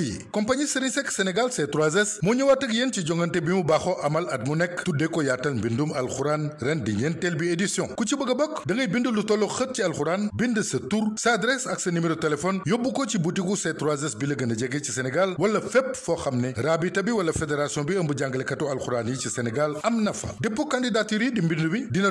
yi compagnie Serigne Sénégal c moo ñëwaat ak yéen ci jongante bi mu baaxoo amal at mu nekk tuddee ko yaatal mbindum alxuraan ren di ñeenteel bi édition ku ci bëgg a bokk da ngay bind lu tollu xët ci alxuraan bind sa tur sa adresse ak sa numéro téléphone yóbbu ko ci butigu c bi la gën a jege ci Sénégal wala fépp foo xam ne raabita bi wala fédération bi ëmb jàngalekatu alxuraan yi ci Sénégal am na fa dépôt candidature yi di mbind bi dina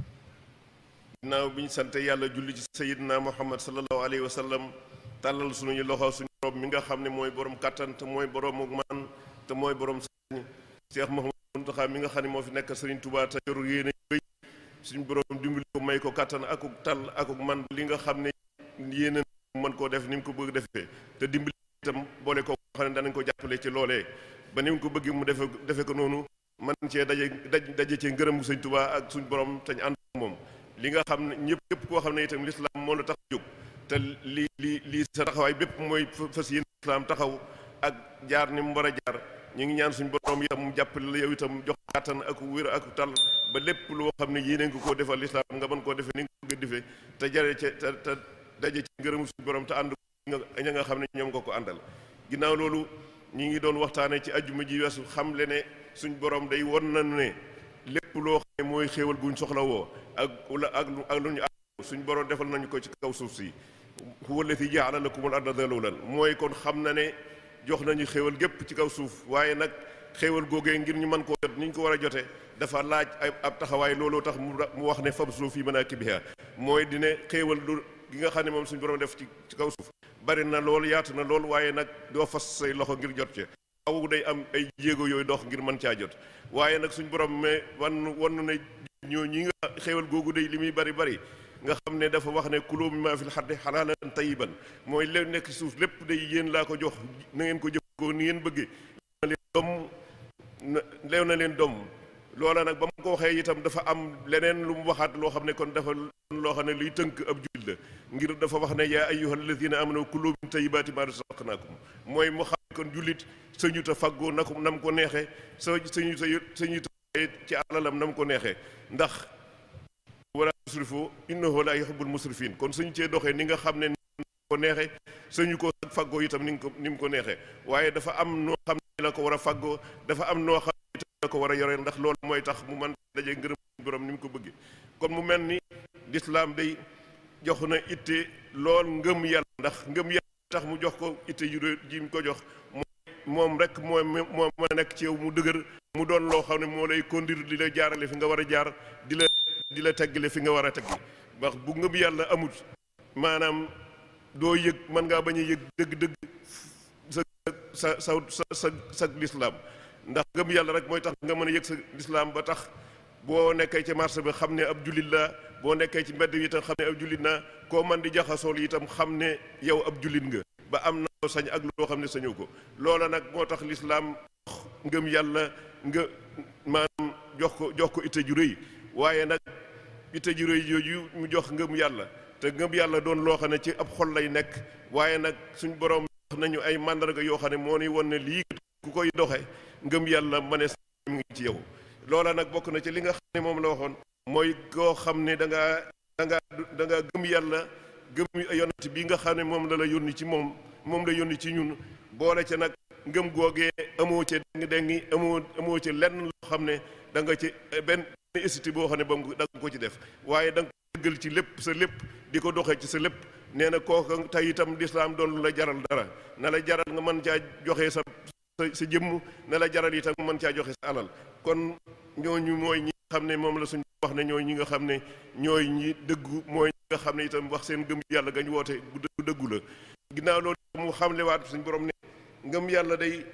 ginnaaw bi ñu santee yàlla julli ci sayidna muhammad sallallahu alayhi wa sallam su suñuy loxo suñu borom mi nga xam ne mooy borom kattan te mooy borom ak man te mooy borom sañ Cheikh Mouhamadou Mountakha mi nga xam ne moo fi nekk Serigne Touba te yor yéene béy suñu borom dimbali ko may ko kattan akuk tal akuk man li nga xam ne yéene mën koo def ni mu ko bëgg defee te dimbali itam boole ko xam ne danañ ko jàppale ci loolee ba ni mu ko bëggee mu defe defe ko noonu man cee daje daj daje cee ngërëm Serigne Touba ak suñu borom te ñu moom li nga xam ne ñëpp képp koo xam ne itam lislaam moo la tax jóg te li li lii sa taxawaay bépp mooy fas yéen lislaam taxaw ak jaar ni mu war jaar ñu ngi ñaan suñu borom itam mu jàppale la yow itam jox kàttan ak wér ak tal ba lépp loo xam ne yéene nga koo defal lislaam nga mën koo defee ni nga ko bëgg a te jare ce te te daje ci ngërëmu suñu borom te ànd ña nga xam ne ñoom nga ko àndal ginnaaw loolu ñu ngi doon waxtaane ci ajjuma ji weesu xam le ne suñ borom day won na ne lépp loo xam ne mooy xéewal guñ soxla woo ak wala ak ak lu ñu àgg suñ borom defal nañu ko ci kaw suuf si huwa allati jaala lakumul arda dalulan mooy kon xam na ne jox nañu xéewal gépp ci kaw suuf waaye nag xéewal googee ngir ñu mën koo jot ni ko war a jotee dafa laaj ab taxawaay looloo tax mu wax ne fabsuu fi manaakibihaa mooy dina xéewal du gi nga xam ne moom suñu borom def ci ci kaw suuf bari na lool yaatu na lool waaye nag doo fas say loxo ngir jot ci aw day am ay jéego yooyu dox ngir mën caa jot waaye nag suñ borom mais wan wan na ñoo ñi nga xéewal googu day li muy bari bari nga xam ne dafa wax ne kuloo mimmaa fil ardi halaalan tayyiban mooy leen nekk suuf lépp day yéen laa ko jox na ngeen ko jëfandikoo ni ngeen bëggee lew na leen na leen doom loola nag ba mu ko waxee itam dafa am leneen lu mu waxaat loo xam ne kon dafa loo xam ne luy tënk ab jullit la ngir dafa wax ne yaa ayyuhal lazina amanu kulu min tayyibaati maa razaqnaakum mooy mu xam kon jullit sañu ta faggu na ko nam ko neexee sa sañu ta sañu ta ci alalam nam ko neexee ndax wala musrifu innahu laa yuhibbul musrifin kon suñu cee doxee ni nga xam ne ko neexee sañu ko faggoo itam ni ko ni mu ko neexee waaye dafa am noo xam ne la ko war a faggoo dafa am noo xam la ko war a yore ndax loolu mooy tax mu man daje ngërëm boroom ni mu ko bëggee kon mu mel ni lislaam day jox na itte lool ngëm yàlla ndax ngëm yàlla tax mu jox ko itte yu ji mu ko jox moom rek moo moo ma nekk ci yow mu dëgër mu doon loo xam ne moo lay conduire di la jaarale fi nga war a jaar di la di la teggale fi nga war a tegg wax bu ngëm yàlla amut maanaam doo yëg mën ngaa bañ a yëg dëgg-dëgg sa sa sa sa sa lislaam ndax ngëm yàlla rek mooy tax nga mën a yëg sa lislaam ba tax boo nekkee ci marché bi xam ne ab jullit la boo nekkee ci mbedd bi itam xam ne ab jullit na koo man di jaxasool itam xam ne yow ab jullit nga ba am na loo sañ ak loo xam ne sañu ko loola nag moo tax lislaam jox ngëm yàlla nga maanaam jox ko jox ko itte ju rëy waaye nag itte ju rëy jooju mu jox ngëm yàlla te ngëm yàlla doon loo xam ne ci ab xol lay nekk waaye nag suñ borom nañu ay màndarga yoo xam ne moo ni won ne lii ku koy doxe ngëm yàlla mënees mi ngi ci yow loola nag bokk na ci li nga xam ne moom la waxoon mooy koo xam ne da ngaa da ngaa da ngaa gëm yàlla gëm yonent bii nga xam ne moom la la yónni ci moom moom la yónni ci ñun boole ca nag ngëm googee amoo ca déng-déngi amoo amoo ca lenn xam ne da nga ci benn institut boo xam ne ba mu da nga ci def waaye da nga ko dëggal ci lépp sa lépp di ko doxee ci sa lépp nee na kooka tey itam lislaam doon la jaral dara na la jaral nga mën caa joxe sa sa sa jëmm ne la jaral itam man caa joxe sa alal kon ñooñu mooy ñi nga xam ne moom la suñ wax ne ñooy ñi nga xam ne ñooy ñi dëggu mooy ñi nga xam ne itam wax seen gëm yàlla gañu woote bu dëggu la ginnaaw loolu mu xamlewaat suñ borom ne ngëm yàlla day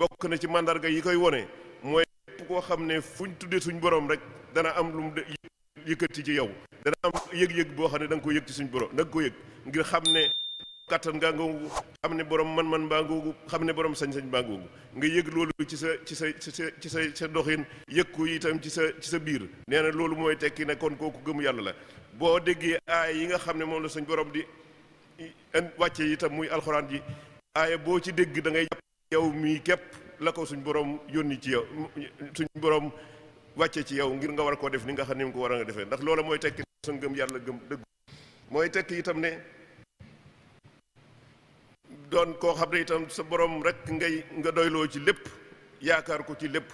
bokk na ci màndarga yi koy wone mooy lépp koo xam ne fuñ tuddee suñu borom rek dana am lu mu yëkkati ci yow dana am yëg-yëg boo xam ne da nga ko yëg ci suñ da yëg ngir xam ne kattan ngaa ngoogu xam ne borom man-man baa ngoogu xam ne borom sañ-sañ baa ngoogu nga yëg loolu ci sa ci sa ci sa ci sa sa doxin yëg ko itam ci sa sa biir nee na loolu mooy tekki ne kon kooku gëm yàlla la boo déggee aay yi nga xam ne moom la suñ borom di wàcce itam muy alxuraan ji aaya boo ci dégg dangay ngay jàpp yow mii képp la ko suñ borom yónni ci yow suñ borom wàcce ci yow ngir nga war koo def ni nga xam ne mu ko war a nga defee ndax loola mooy tekki sa ngëm yàlla gëm dëgg doon koo xam ne itam sa boroom rek ngay nga doyloo ci lépp yaakaar ko ci lépp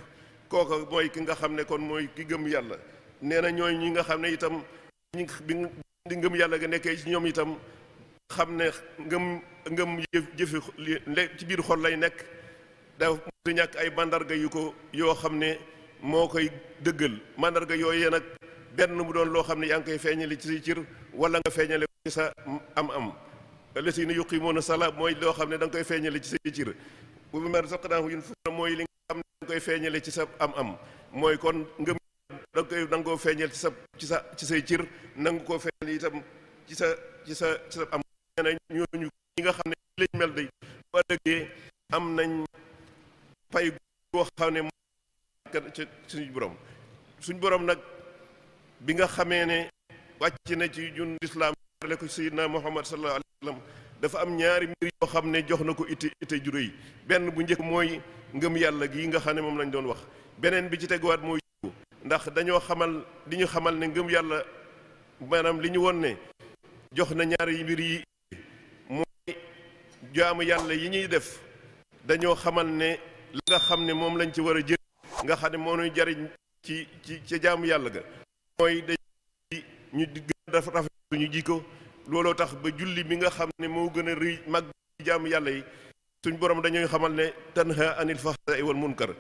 kooka mooy ki nga xam ne kon mooy ki gëm yàlla nee na ñooy ñi nga xam ne itam ñi di yàlla nga nekkee ci ñoom itam xam ne ngëm ngëm jëf jëfi ci biir xol lay nekk dafa mënut ñàkk ay mandarga yu ko yoo xam ne moo koy dëggal mandarga yooyee nag benn mu doon loo xam ne yaa ngi koy feeñale ci say cir wala nga feeñale ci sa am-am yi allazina yuqimuna sala mooy loo xam ne da nga koy feeñale ci say cir wa mimmaa razaqnaahum yunfiquun mooy li nga xam ne da koy feeñale ci sa am-am mooy kon ngëm da nga koy da nga feeñal ci sa ci sa ci say cir nanga koo feeñal itam ci sa ci sa am nee na ñooñu ñi nga xam ne lañ mel day bu ëllëgee am nañ pay goo xam ne ci suñu borom suñu borom nag bi nga xamee ne wàcc na ci ñun lislaam le ko sayyidina Muhammad sallam dafa am ñaari mbir yoo xam ne jox na ko ite ite ju rëy benn bu njëkk mooy ngëm yàlla gi nga xam ne moom lañ doon wax beneen bi ci teguwaat mooy ndax dañoo xamal li ñu xamal ne ngëm yàlla maanaam li ñu won ne jox na ñaari mbir yi mooy jaamu yàlla yi ñuy def dañoo xamal ne la nga xam ne moom lañ ci war a jëriñ nga xam ne moo ñuy jariñ ci ci ca jaamu yàlla ga mooy dañuy ñu gën a rafet suñu jikko looloo tax ba julli bi nga xam ne moo gën a rëy mag jaamu yàlla yi suñ borom dañuy xamal ne tan tanha anil fahsaa'i wal munkar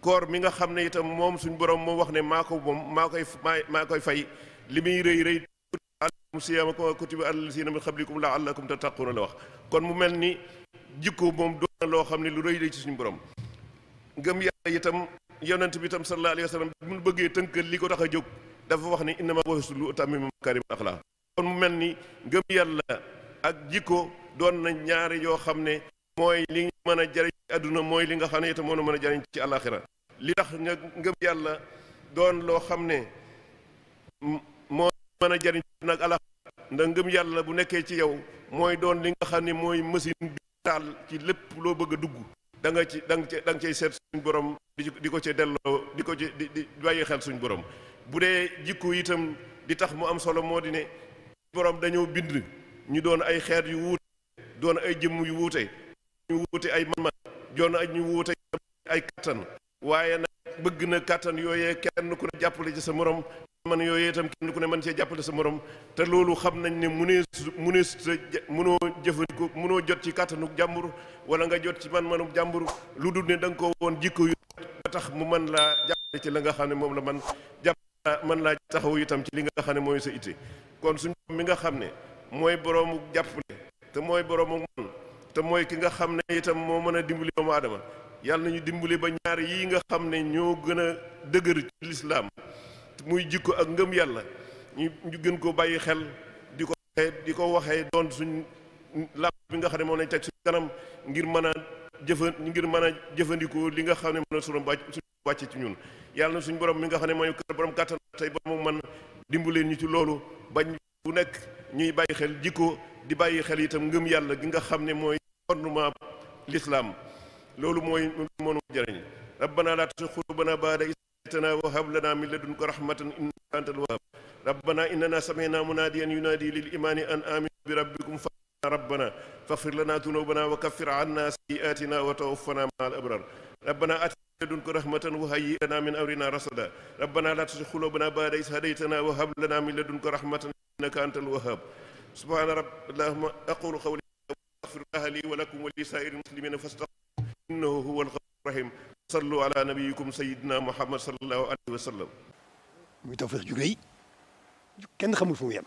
koor mi nga xam ne itam moom suñ borom moo wax ne maa ko moom maa koy maa koy fay li muy rëy rëy mu siyaama ko kutiba allasina min qablikum laallakum tattaquuna la wax kon mu mel ni jikko moom doon na loo xam ne lu rëy ci suñu borom ngëm yàlla itam yonent bi itam sallallahu alayhi wa mu bëggee tënkal li ko tax a jóg dafa wax ne innama bu'istu li utammima makaarima al axlaaq kon mu mel ni ngëm yàlla ak jikko doon na ñaari yoo xam ne mooy li ñu mën a jariñ ci àdduna mooy li nga xam ne itam moo mën a jariñ ci àllaaxira li tax nga ngëm yàlla doon loo xam ne moo mën a jariñ nag àllaaxira ndax ngëm yàlla bu nekkee ci yow mooy doon li nga xam ne mooy machine bi taal ci lépp loo bëgg a dugg danga ci dang nga da nga cay seet suñ borom di ko ci delloo di ko ci di di bàyyi xel suñ boroom bu dee jikko itam di tax mu am solo moo di ne borom dañoo bind ñu doon ay xeet yu wuute doon ay jëmm yu wuute ñu wuute ay man-man doon ay ñu wuute ay kattan waaye nag bëgg na kattan yooyee kenn ku ne jàppale ci sa morom man yooyee itam kenn ku ne mën cee jàppale sa morom te loolu xam nañ ne munee munees munoo jëfandiku munoo jot ci kattanu jàmbur wala nga jot ci man-manu jàmbur lu dul ni danga nga ko woon jikko yu tax mu mën laa jàppale ci la nga xam ne moom la man jàpp man laa taxaw itam ci li nga xam ne mooy sa itte kon suñu mi nga xam ne mooy boroomu jàppale te mooy boroomu man te mooy ki nga xam ne itam moo mën a dimbali doomu aadama yàlla na nañu dimbali ba ñaar yi nga xam ne ñoo gën a dëgër ci lislaam muy jikko ak ngëm yàlla ñu ñu gën ko bàyyi xel di ko waxee di ko waxee doon suñ làmp bi nga xam ne moom lañ teg suñ kanam ngir mën a jëfan ngir mën a jëfandikoo li nga xam ne mën a suñu wàcc ci ñun yàlla na suñ borom mi nga xam ne mooy kër borom kàttan tey ba mu mën dimbaleen ñu ci loolu bañ bu nekk ñuy bàyyi xel jikko di bàyyi xel itam ngëm yàlla gi nga xam ne mooy fondement l'islam loolu mooy moonu jëriñ rabbana laa tuzigh quluubana ba'da idh hadaytana wa hab lana min ladunka rahmatan innaka antal sami'na munadiyan yunadi lil imani an aminu bi rabbikum fa rabbana faghfir lana dhunubana wa kaffir 'anna sayyi'atina wa tawaffana ma'al abrar rabbana لدنك رحمة وهيئ لنا من أمرنا رشدا ربنا لا تزغ قلوبنا بعد إذ هديتنا وهب لنا من لدنك رحمة إنك أنت الوهاب سبحان رب اللهم أقول قولي أستغفر الله لي ولكم ولسائر المسلمين فاستغفروا إنه هو الغفور الرحيم صلوا على نبيكم سيدنا محمد صلى الله عليه وسلم muy tawfeex ju rëy kenn xamul fu mu yem